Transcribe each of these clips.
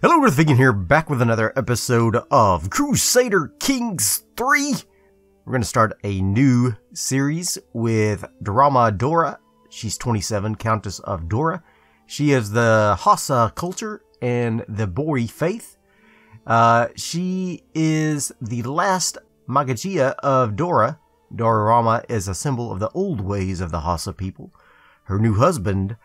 Hello, we're thinking here, back with another episode of Crusader Kings 3. We're going to start a new series with Drama Dora. She's 27, Countess of Dora. She is the Hassa culture and the Bori faith. Uh, she is the last Magagia of Dora. Dorarama is a symbol of the old ways of the Hassa people. Her new husband,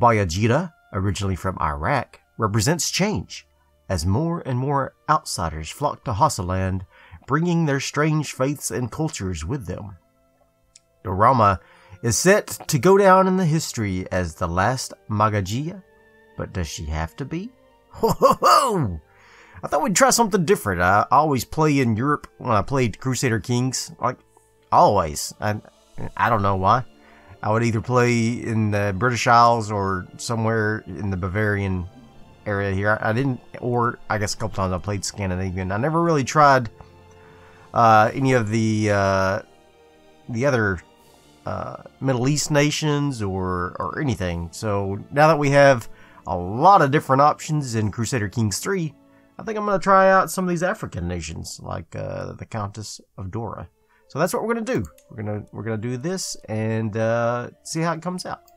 Bayajida, originally from Iraq, represents change, as more and more outsiders flock to Hassaland, bringing their strange faiths and cultures with them. Dorama is set to go down in the history as the last Magajia, but does she have to be? Ho ho ho! I thought we'd try something different. I always play in Europe when I played Crusader Kings, like always. I I don't know why. I would either play in the British Isles or somewhere in the Bavarian area here. I, didn't, or I guess a couple times I played Scandinavian. I never really tried uh, any of the uh, the other uh, Middle East nations or or anything. So now that we have a lot of different options in Crusader Kings 3, I think I'm going to try out some of these African nations like uh, the Countess of Dora. So that's what we're going to do. We're going to we're going to do this and uh, see how it comes out.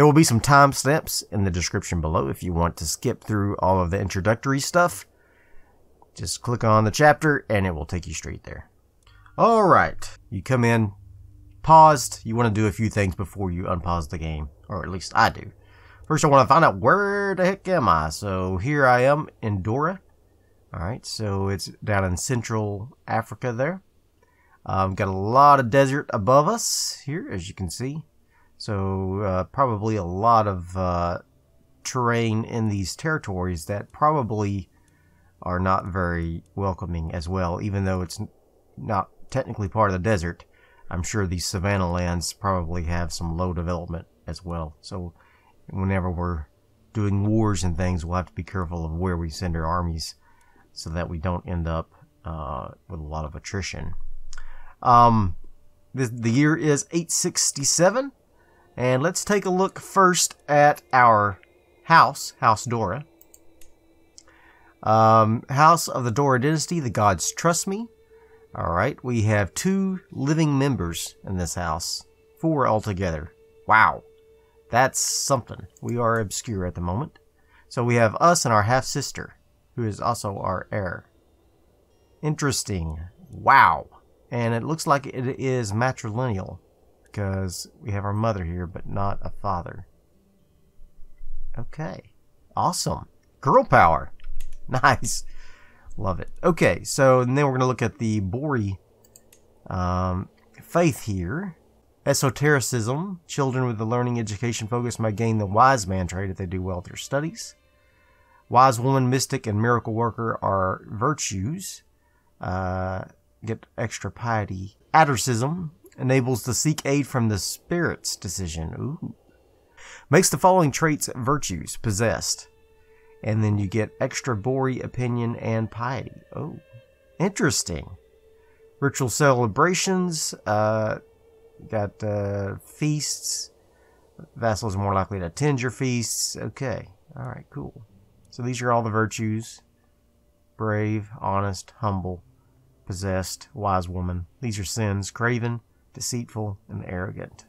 There will be some timestamps in the description below if you want to skip through all of the introductory stuff. Just click on the chapter and it will take you straight there. All right, you come in, paused. You want to do a few things before you unpause the game, or at least I do. First, I want to find out where the heck am I. So here I am in Dora. All right, so it's down in Central Africa there. Um, got a lot of desert above us here, as you can see. So uh, probably a lot of uh, terrain in these territories that probably are not very welcoming as well, even though it's not technically part of the desert. I'm sure these savanna lands probably have some low development as well. So whenever we're doing wars and things, we'll have to be careful of where we send our armies so that we don't end up uh, with a lot of attrition. Um, the, the year is 867. And let's take a look first at our house, House Dora. Um, house of the Dora dynasty, the gods trust me. All right, we have two living members in this house, four altogether. Wow, that's something. We are obscure at the moment. So we have us and our half sister, who is also our heir. Interesting. Wow. And it looks like it is matrilineal because we have our mother here, but not a father. Okay. Awesome. Girl power. Nice. Love it. Okay, so then we're going to look at the Bori um, faith here. Esotericism. Children with a learning education focus might gain the wise man trait if they do well with their studies. Wise woman, mystic, and miracle worker are virtues. Uh, get extra piety. Addercism enables the seek aid from the spirit's decision. Ooh. Makes the following traits virtues possessed. And then you get extra Bori opinion and piety. Oh, interesting. Ritual celebrations, uh, got uh, feasts. Vassals more likely to attend your feasts. Okay, all right, cool. So these are all the virtues brave, honest, humble, possessed, wise woman. These are sins. Craven, deceitful, and arrogant.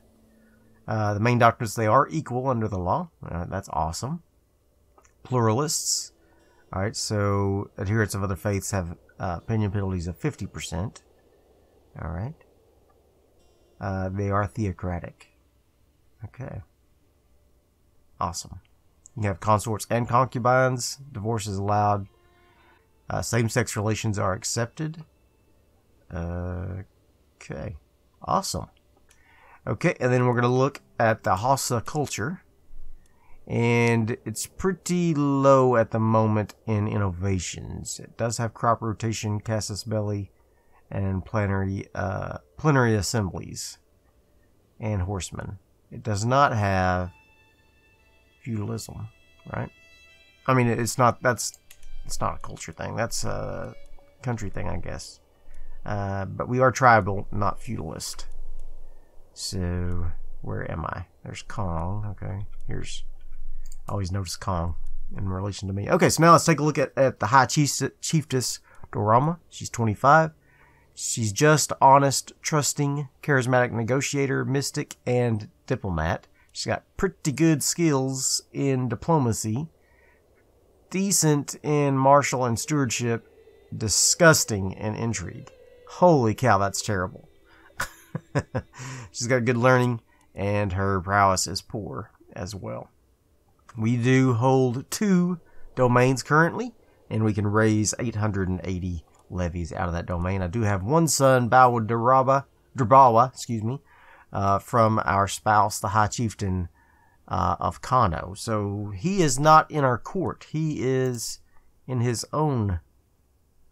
Uh, the main doctrines, they are equal under the law. Uh, that's awesome. Pluralists. All right, so adherents of other faiths have uh, opinion penalties of 50%. All right. they are theocratic. Okay. Awesome. You have consorts and concubines. Divorce is allowed. Uh, same sex relations are accepted. Uh, okay. Awesome. Okay, and then we're going to look at the Hausa culture. And it's pretty low at the moment in innovations. It does have crop rotation, casus belli, and plenary, uh, plenary assemblies, and horsemen. It does not have feudalism, right? I mean, it's not, that's, it's not a culture thing. That's a country thing, I guess. Uh, but we are tribal, not feudalist. So, where am I? There's Kong. Okay, here's... always notice Kong in relation to me. Okay, so now let's take a look at, at the High Chief, Chiefess Dorama. She's 25. She's just, honest, trusting, charismatic negotiator, mystic, and diplomat. She's got pretty good skills in diplomacy, decent in martial and stewardship, disgusting in intrigue. Holy cow, that's terrible. She's got good learning, and her prowess is poor as well. We do hold two domains currently, and we can raise 880 levies out of that domain. I do have one son, Bawa Drabawa, excuse me, uh, from our spouse, the High Chieftain uh, of Kano. So he is not in our court. He is in his own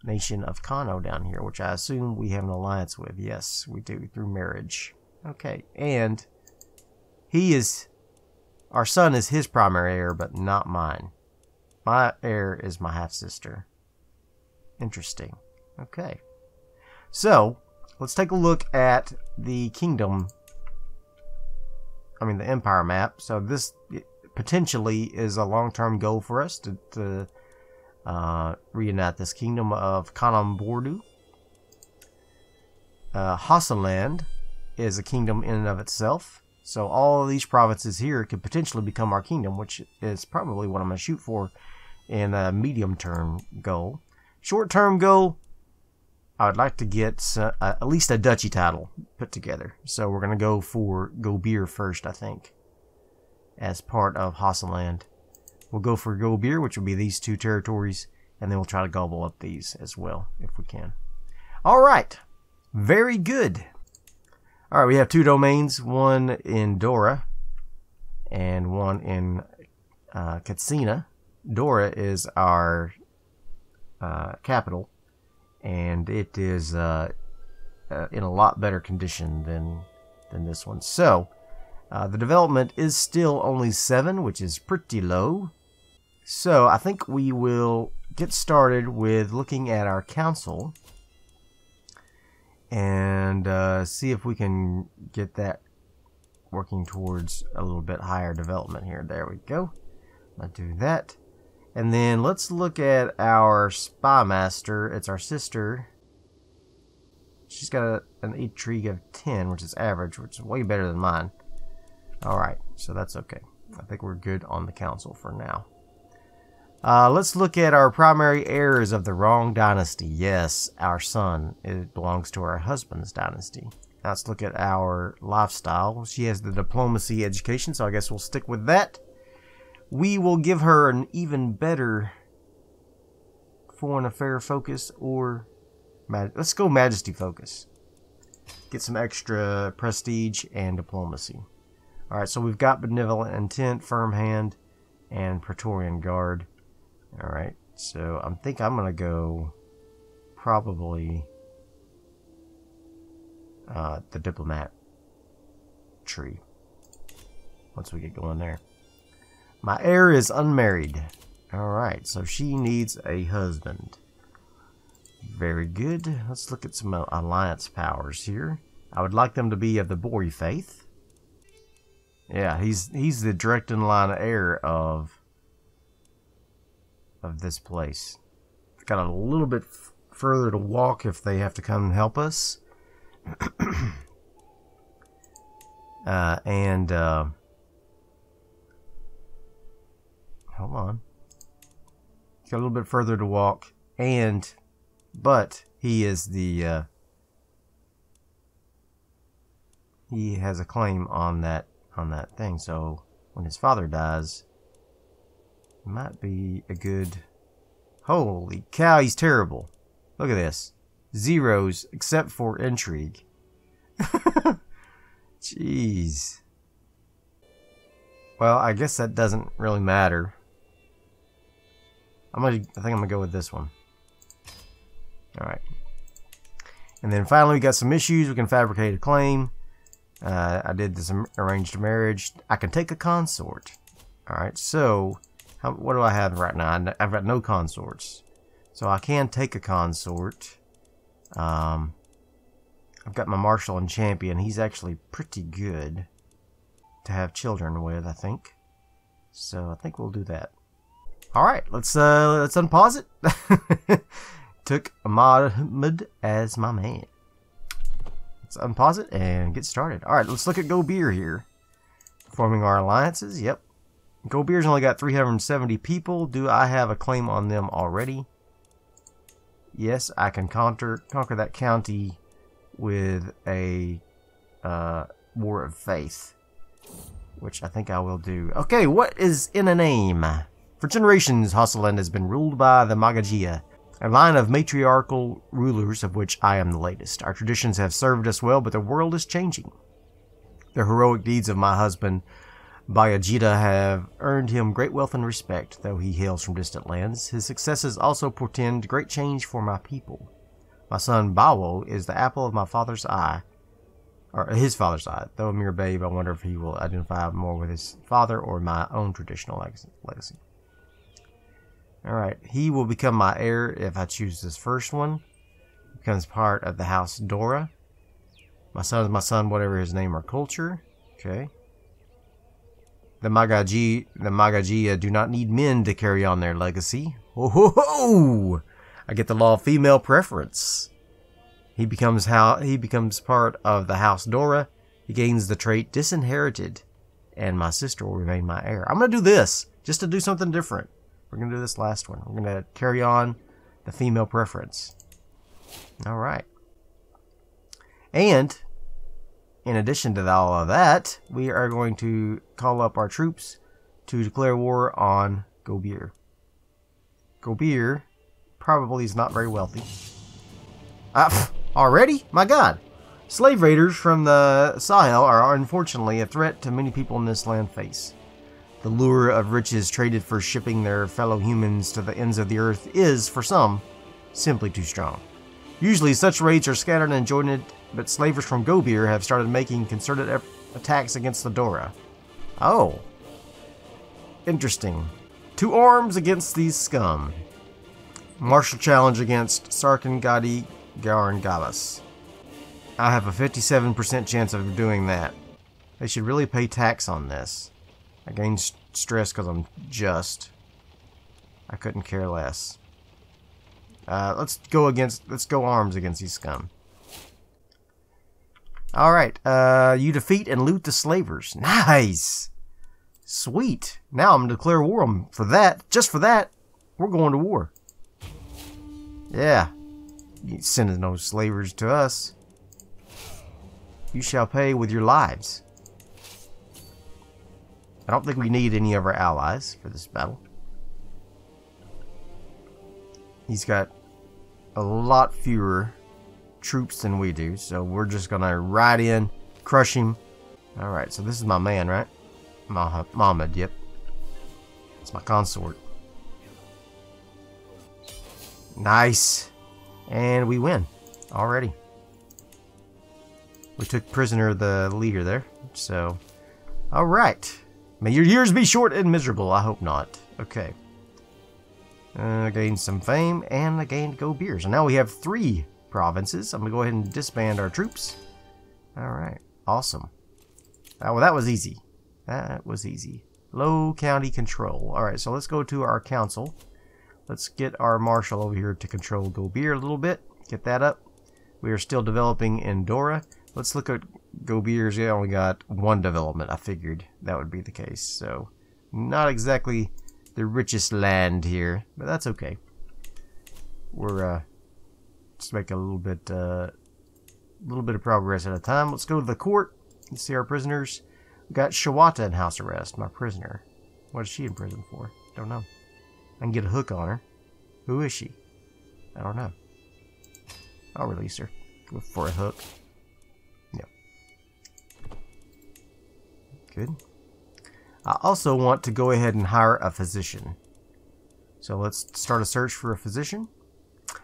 nation of Kano down here, which I assume we have an alliance with. Yes, we do, through marriage. Okay, and he is, our son is his primary heir, but not mine. My heir is my half-sister. Interesting. Okay. So, let's take a look at the kingdom, I mean the empire map. So this potentially is a long-term goal for us to, to uh, this Kingdom of Kalambordu. Uh, Hassaland is a kingdom in and of itself. So all of these provinces here could potentially become our kingdom, which is probably what I'm going to shoot for in a medium-term goal. Short-term goal, I would like to get uh, at least a duchy title put together. So we're going to go for Gobier first, I think, as part of Hassaland. We'll go for Go Beer, which will be these two territories, and then we'll try to gobble up these as well if we can. All right. Very good. All right, we have two domains, one in Dora and one in uh, Katsina. Dora is our uh, capital, and it is uh, uh in a lot better condition than than this one. So, uh, the development is still only seven, which is pretty low. So I think we will get started with looking at our council and uh, see if we can get that working towards a little bit higher development here. There we go. Let's do that. And then let's look at our spy master. It's our sister. She's got a, an intrigue of 10, which is average, which is way better than mine. All right, so that's okay. I think we're good on the council for now. Uh, let's look at our primary heirs of the wrong dynasty. Yes, our son. It belongs to our husband's dynasty. let's look at our lifestyle. She has the diplomacy education, so I guess we'll stick with that. We will give her an even better foreign affair focus or... Let's go majesty focus. Get some extra prestige and diplomacy. Alright, so we've got benevolent intent, firm hand, and Praetorian Guard. All right, so I think I'm gonna go probably uh, the diplomat tree once we get going there. My heir is unmarried. All right, so she needs a husband. Very good. Let's look at some alliance powers here. I would like them to be of the boy faith. Yeah, he's he's the direct in line heir of of this place. Got a little bit further to walk if they have to come and help us. uh, and uh, hold on. Got a little bit further to walk, and but he is the uh, he has a claim on that on that thing. So when his father dies, might be a good... Holy cow, he's terrible. Look at this. Zeros, except for intrigue. Jeez. Well, I guess that doesn't really matter. I'm gonna, I think I'm gonna go with this one. All right. And then finally, we got some issues. We can fabricate a claim. Uh, I did this arranged marriage. I can take a consort. All right, so how, what do I have right now? I've got no consorts. So I can take a consort. Um, I've got my marshal and champion. He's actually pretty good to have children with, I think. So I think we'll do that. All right, let's uh, let's unpause it. Took Ahmad as my man. Let's unpause it and get started. All right, let's look at Go Beer here. Forming our alliances. Yep, Go Beer's only got 370 people. Do I have a claim on them already? Yes, I can conquer, conquer that county with a uh, War of Faith, which I think I will do. Okay, what is in a name? For generations, Hasseland has been ruled by the Magagia, a line of matriarchal rulers of which I am the latest. Our traditions have served us well, but the world is changing. The heroic deeds of my husband Bayajida have earned him great wealth and respect, though he hails from distant lands. His successes also portend great change for my people. My son Bawo is the apple of my father's eye, or his father's eye. Though a mere babe, I wonder if he will identify more with his father or my own traditional legacy. Alright, he will become my heir if I choose this first one. Becomes part of the house Dora. My son is my son, whatever his name or culture. Okay. The Magaji, the Magagia do not need men to carry on their legacy. Oh ho ho! I get the law of female preference. He becomes how he becomes part of the House Dora. He gains the trait disinherited, and my sister will remain my heir. I'm gonna do this just to do something different. We're gonna do this last one. We're gonna carry on the female preference. All right. And in addition to all of that, we are going to call up our troops to declare war on Gobir. Gobir probably is not very wealthy. Ah, already? My god! Slave raiders from the Sahel are unfortunately a threat to many people in this land face. The lure of riches traded for shipping their fellow humans to the ends of the earth is, for some, simply too strong. Usually such raids are scattered and jointed, but slavers from Gobir have started making concerted attacks against the Dora. Oh. Interesting. Two arms against these scum. Martial challenge against Sarkin Gadi Garan I have a 57% chance of doing that. They should really pay tax on this. I gain stress because I'm just. I couldn't care less. Uh, let's go against, let's go arms against these scum. Alright, uh, you defeat and loot the slavers. Nice! Sweet. Now I'm going to declare war on for that. Just for that, we're going to war. Yeah. You send sending no slavers to us. You shall pay with your lives. I don't think we need any of our allies for this battle. He's got a lot fewer troops than we do. So we're just going to ride in, crush him. All right, so this is my man, right? Mah yep. It's my consort. Nice. And we win already. We took prisoner the leader there. So, all right. May your years be short and miserable. I hope not. Okay. Uh, gained some fame, and I gained go beer. So now we have three provinces. I'm going to go ahead and disband our troops. Alright, awesome. Uh, well, that was easy. That was easy. Low county control. Alright, so let's go to our council. Let's get our marshal over here to control Gobir a little bit. Get that up. We are still developing Endora. Let's look at Gobir's. Yeah, only got one development. I figured that would be the case. So, not exactly the richest land here, but that's okay. We're uh, just making a little bit, uh, little bit of progress at a time. Let's go to the court and see our prisoners. We got Shawata in house arrest, my prisoner. What is she in prison for? Don't know. I can get a hook on her. Who is she? I don't know. I'll release her for a hook. Yep. Good. I also want to go ahead and hire a physician. So let's start a search for a physician.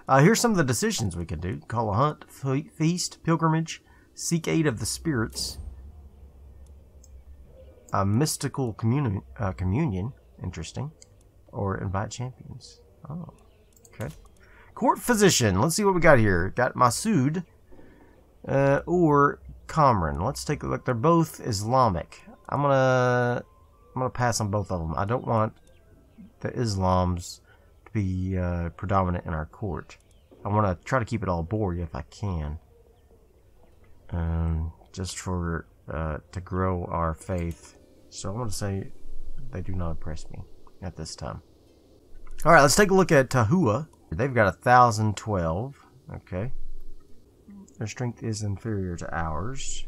Uh, here's some of the decisions we can do. Call a hunt, feast, pilgrimage, seek aid of the spirits, a mystical communi uh, communion, interesting, or invite champions. Oh, okay. Court physician. Let's see what we got here. Got Masood uh, or Kamran. Let's take a look. They're both Islamic. I'm going to I'm going to pass on both of them. I don't want the Islams to be uh, predominant in our court. I want to try to keep it all Borg if I can. Um, just for uh, to grow our faith. So I want to say they do not oppress me at this time. All right, let's take a look at Tahua. They've got 1,012. Okay. Their strength is inferior to ours.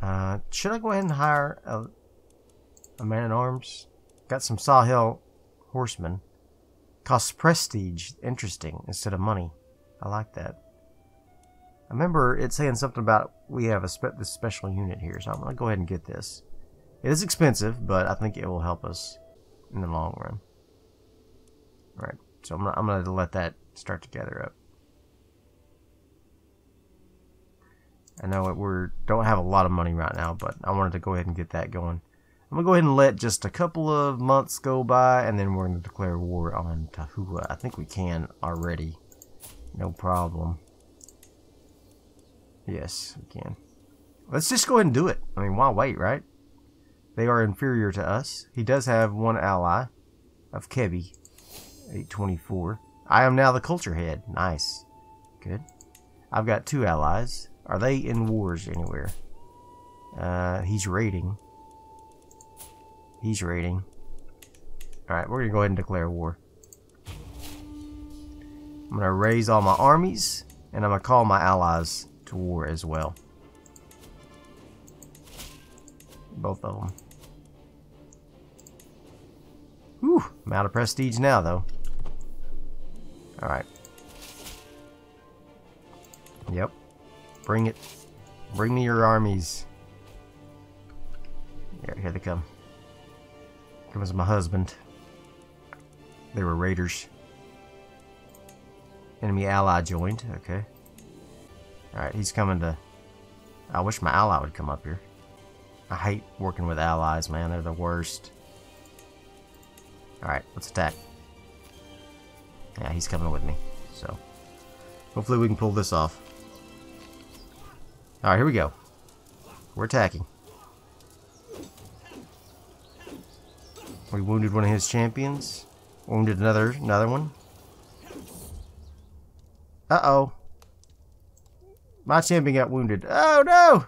Uh, should I go ahead and hire a a man at arms. Got some Sawhill horsemen. Costs prestige, interesting, instead of money. I like that. I remember it saying something about we have a spe this special unit here, so I'm going to go ahead and get this. It is expensive, but I think it will help us in the long run. Alright, so I'm, I'm going to let that start to gather up. I know we don't have a lot of money right now, but I wanted to go ahead and get that going. I'm going to go ahead and let just a couple of months go by, and then we're going to declare war on Tahua. I think we can already. No problem. Yes, we can. Let's just go ahead and do it. I mean, why wait, right? They are inferior to us. He does have one ally of Kebi, 824. I am now the culture head. Nice. Good. I've got two allies. Are they in wars anywhere? Uh, he's raiding. He's raiding. Alright, we're going to go ahead and declare war. I'm going to raise all my armies, and I'm going to call my allies to war as well. Both of them. Whew, I'm out of prestige now, though. Alright. Yep. Bring it. Bring me your armies. Here, here they come. It was my husband. They were raiders. Enemy ally joined. Okay. Alright, he's coming to... I wish my ally would come up here. I hate working with allies, man. They're the worst. Alright, let's attack. Yeah, he's coming with me. So, hopefully we can pull this off. Alright, here we go. We're attacking. We wounded one of his champions. Wounded another another one. Uh-oh. My champion got wounded. Oh, no!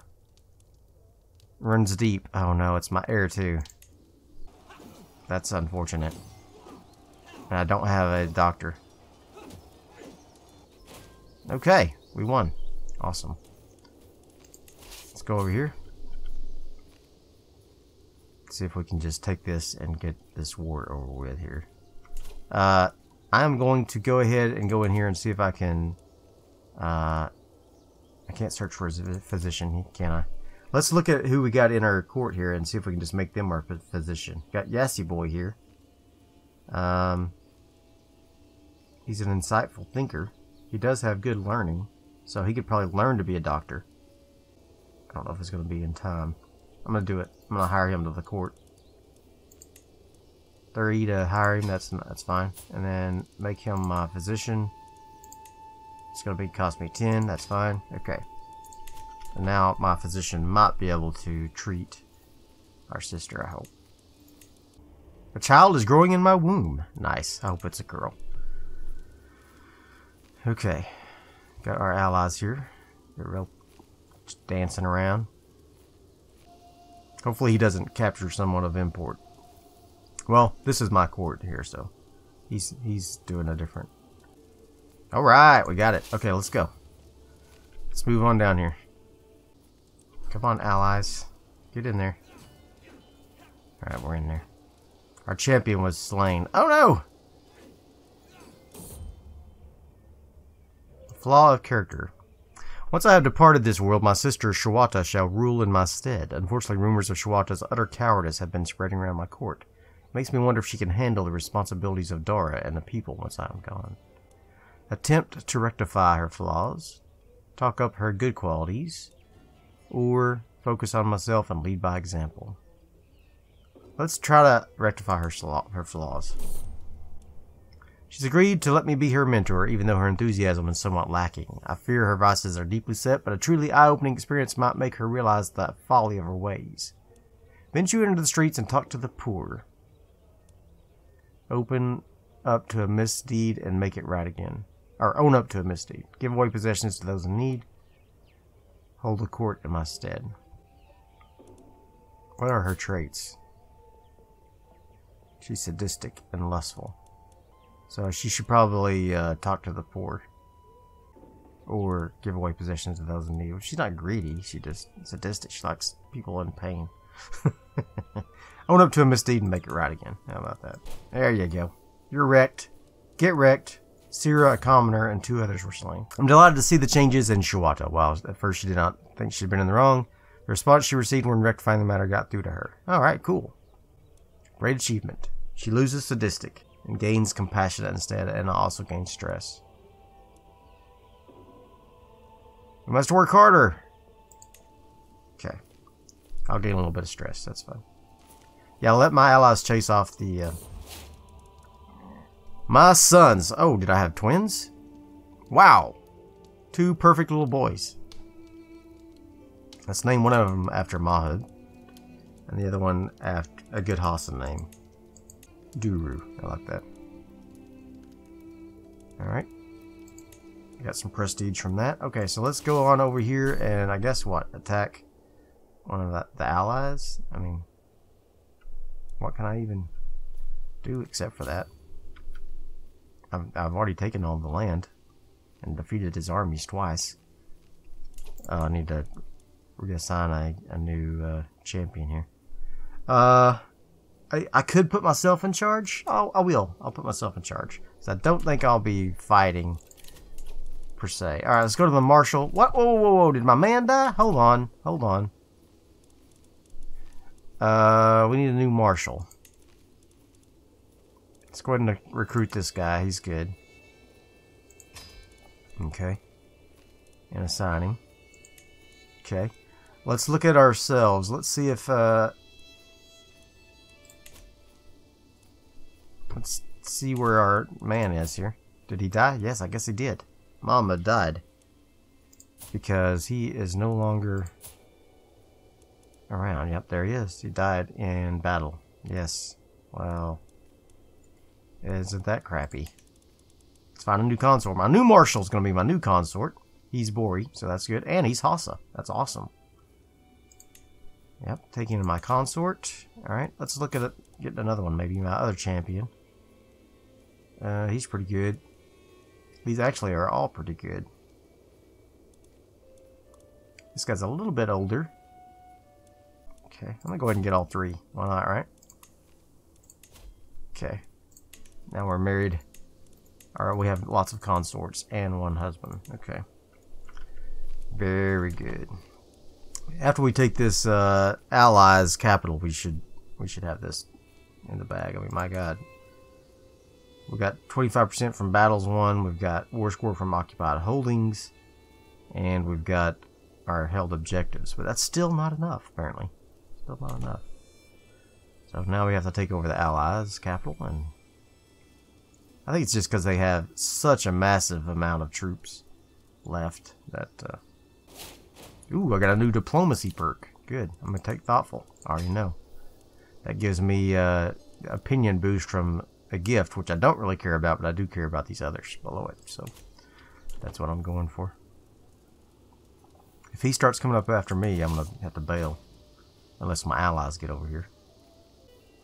Runs deep. Oh, no, it's my heir, too. That's unfortunate. And I don't have a doctor. Okay, we won. Awesome. Let's go over here see if we can just take this and get this war over with here. Uh, I'm going to go ahead and go in here and see if I can... Uh, I can't search for a physician, can I? Let's look at who we got in our court here and see if we can just make them our physician. Got Yassi Boy here. Um, he's an insightful thinker. He does have good learning, so he could probably learn to be a doctor. I don't know if it's going to be in time. I'm going to do it. I'm gonna hire him to the court. 30 to hire him, that's that's fine. And then make him my physician. It's gonna be cost me 10, that's fine. Okay. And now my physician might be able to treat our sister, I hope. A child is growing in my womb. Nice. I hope it's a girl. Okay. Got our allies here. They're real dancing around. Hopefully he doesn't capture someone of import. Well, this is my court here, so he's he's doing a different. All right, we got it. Okay, let's go. Let's move on down here. Come on, allies. Get in there. All right, we're in there. Our champion was slain. Oh no! Flaw of character. Once I have departed this world, my sister Shawata shall rule in my stead. Unfortunately, rumors of Shawata's utter cowardice have been spreading around my court. It makes me wonder if she can handle the responsibilities of Dora and the people once I am gone. Attempt to rectify her flaws, talk up her good qualities, or focus on myself and lead by example. Let's try to rectify her, her flaws. She's agreed to let me be her mentor, even though her enthusiasm is somewhat lacking. I fear her vices are deeply set, but a truly eye-opening experience might make her realize the folly of her ways. Venture into the streets and talk to the poor. Open up to a misdeed and make it right again. Or own up to a misdeed. Give away possessions to those in need. Hold a court in my stead. What are her traits? She's sadistic and lustful. So she should probably uh, talk to the poor. Or give away possessions to those in need. She's not greedy, she just sadistic. She likes people in pain. I went up to a misdeed and make it right again. How about that? There you go. You're wrecked. Get wrecked. Sierra, a commoner, and two others were slain. I'm delighted to see the changes in Shiwata. While at first she did not think she'd been in the wrong, the response she received when rectifying the matter got through to her. Alright, cool. Great achievement. She loses sadistic and gains compassion instead, and also gains stress. We must work harder. Okay. I'll gain a little bit of stress. That's fine. Yeah, I'll let my allies chase off the... Uh... My sons. Oh, did I have twins? Wow. Two perfect little boys. Let's name one of them after Mahud. And the other one after a good Hassan name. Duru. I like that. Alright. Got some prestige from that. Okay, so let's go on over here and I guess what? Attack one of the, the allies? I mean, what can I even do except for that? I've, I've already taken all the land and defeated his armies twice. Uh, I need to, we're going to sign a, a new uh, champion here. Uh, I, I could put myself in charge. I'll, I will. I'll put myself in charge. So I don't think I'll be fighting per se. All right, let's go to the marshal. What? Whoa, whoa, whoa! Did my man die? Hold on, hold on. Uh, we need a new marshal. Let's go ahead and recruit this guy. He's good. Okay. And assign him. Okay. Let's look at ourselves. Let's see if uh, Let's see where our man is here. Did he die? Yes, I guess he did. Mama died. Because he is no longer around. Yep, there he is. He died in battle. Yes. Well, isn't that crappy? Let's find a new consort. My new marshal's going to be my new consort. He's Bori, so that's good. And he's Hossa. That's awesome. Yep, taking my consort. Alright, let's look at it. Get another one, maybe my other champion. Uh, he's pretty good. These actually are all pretty good. This guy's a little bit older. Okay, I'm gonna go ahead and get all three. Why not, right? Okay. Now we're married. Alright, we have lots of consorts and one husband. Okay. Very good. After we take this uh, allies capital, we should we should have this in the bag. I mean, my god, We've got 25% from battles won. We've got war score from occupied holdings. And we've got our held objectives. But that's still not enough, apparently. Still not enough. So now we have to take over the Allies' capital. And I think it's just because they have such a massive amount of troops left that... Uh... Ooh, I got a new diplomacy perk. Good. I'm going to take thoughtful. I already know. That gives me uh, opinion boost from a gift, which I don't really care about, but I do care about these others below it. So that's what I'm going for. If he starts coming up after me, I'm going to have to bail. Unless my allies get over here.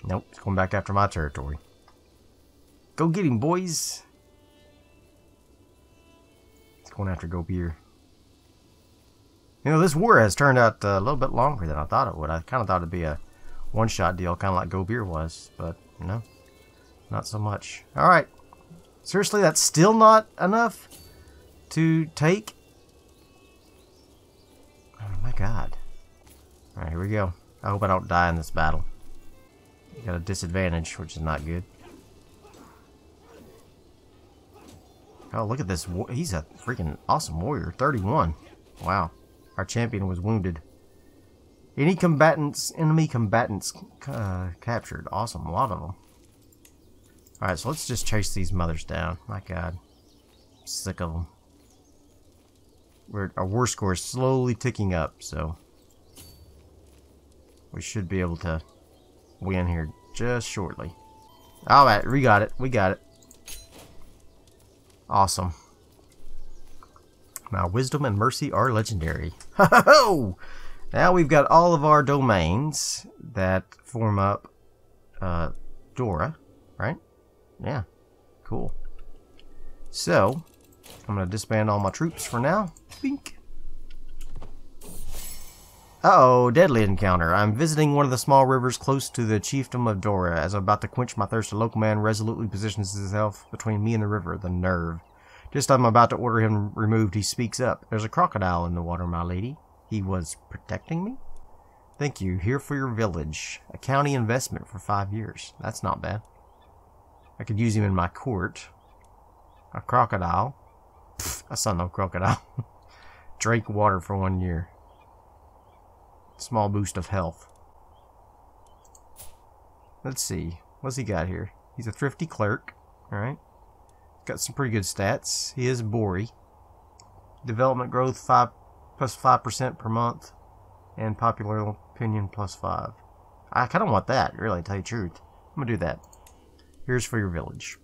Nope, he's going back after my territory. Go get him, boys! He's going after Gobier. You know, this war has turned out uh, a little bit longer than I thought it would. I kind of thought it'd be a one-shot deal, kind of like Gobier was, but, you know. Not so much. Alright. Seriously, that's still not enough to take? Oh my god. Alright, here we go. I hope I don't die in this battle. Got a disadvantage, which is not good. Oh, look at this. He's a freaking awesome warrior. 31. Wow. Our champion was wounded. Any combatants, enemy combatants uh, captured. Awesome. A lot of them. Alright, so let's just chase these mothers down. My god. I'm sick of them. We're, our war score is slowly ticking up, so... We should be able to win here just shortly. Alright, we got it. We got it. Awesome. Now, wisdom and mercy are legendary. Ho ho ho! Now we've got all of our domains that form up uh, Dora, right? Yeah, cool. So, I'm going to disband all my troops for now. Bink. Uh oh deadly encounter. I'm visiting one of the small rivers close to the chiefdom of Dora. As I'm about to quench my thirst, a local man resolutely positions himself between me and the river. The nerve. Just as I'm about to order him removed, he speaks up. There's a crocodile in the water, my lady. He was protecting me? Thank you. Here for your village. A county investment for five years. That's not bad. I could use him in my court. A crocodile. Pfft, I saw no crocodile. Drink water for one year. Small boost of health. Let's see. What's he got here? He's a thrifty clerk. Alright. Got some pretty good stats. He is Bori. Development growth five plus five percent per month. And popular opinion plus five. I kinda want that, really, to tell you the truth. I'm gonna do that. Here's for your village.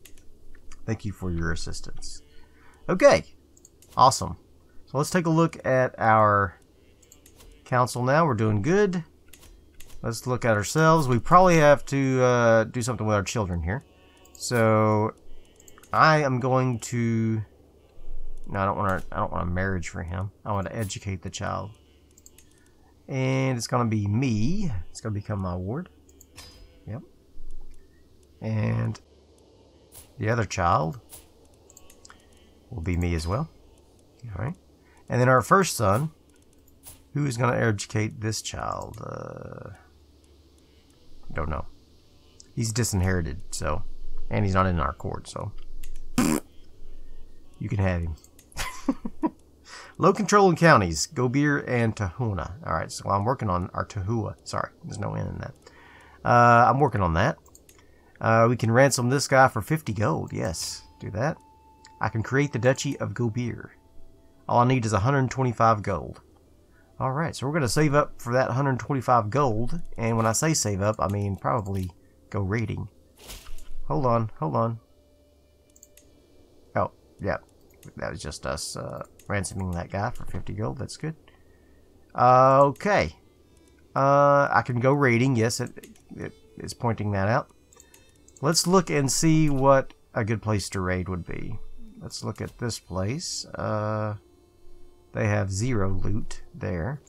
Thank you for your assistance. Okay. Awesome. So let's take a look at our council now. We're doing good. Let's look at ourselves. We probably have to uh, do something with our children here. So I am going to. No, I don't want to. I don't want a marriage for him. I want to educate the child. And it's going to be me. It's going to become my ward and the other child will be me as well. All right. And then our first son, who is going to educate this child? Uh, don't know. He's disinherited, so, and he's not in our court, so you can have him. Low in counties, Gobir and Tahuna. All right, so I'm working on our Tahua. Sorry, there's no N in that. Uh, I'm working on that. Uh, we can ransom this guy for 50 gold. Yes, do that. I can create the Duchy of Gobir. All I need is 125 gold. Alright, so we're going to save up for that 125 gold. And when I say save up, I mean probably go raiding. Hold on, hold on. Oh, yeah. That was just us uh, ransoming that guy for 50 gold. That's good. Uh, okay. Uh, I can go raiding. Yes, it, it is pointing that out. Let's look and see what a good place to raid would be. Let's look at this place. Uh, they have zero loot there.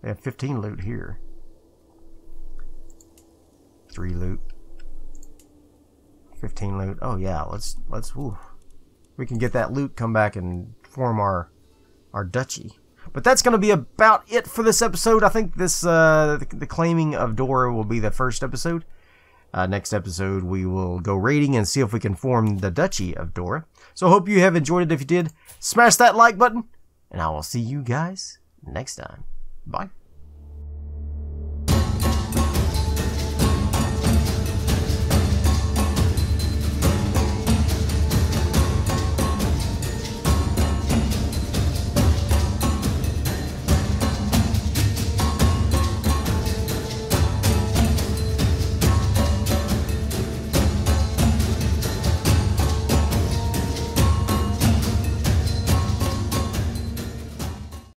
They have 15 loot here. Three loot. 15 loot. Oh yeah, let's let's woo. We can get that loot, come back and form our our duchy. But that's going to be about it for this episode. I think this uh, the, the claiming of Dora will be the first episode. Uh, next episode, we will go raiding and see if we can form the Duchy of Dora. So, hope you have enjoyed it. If you did, smash that like button, and I will see you guys next time. Bye.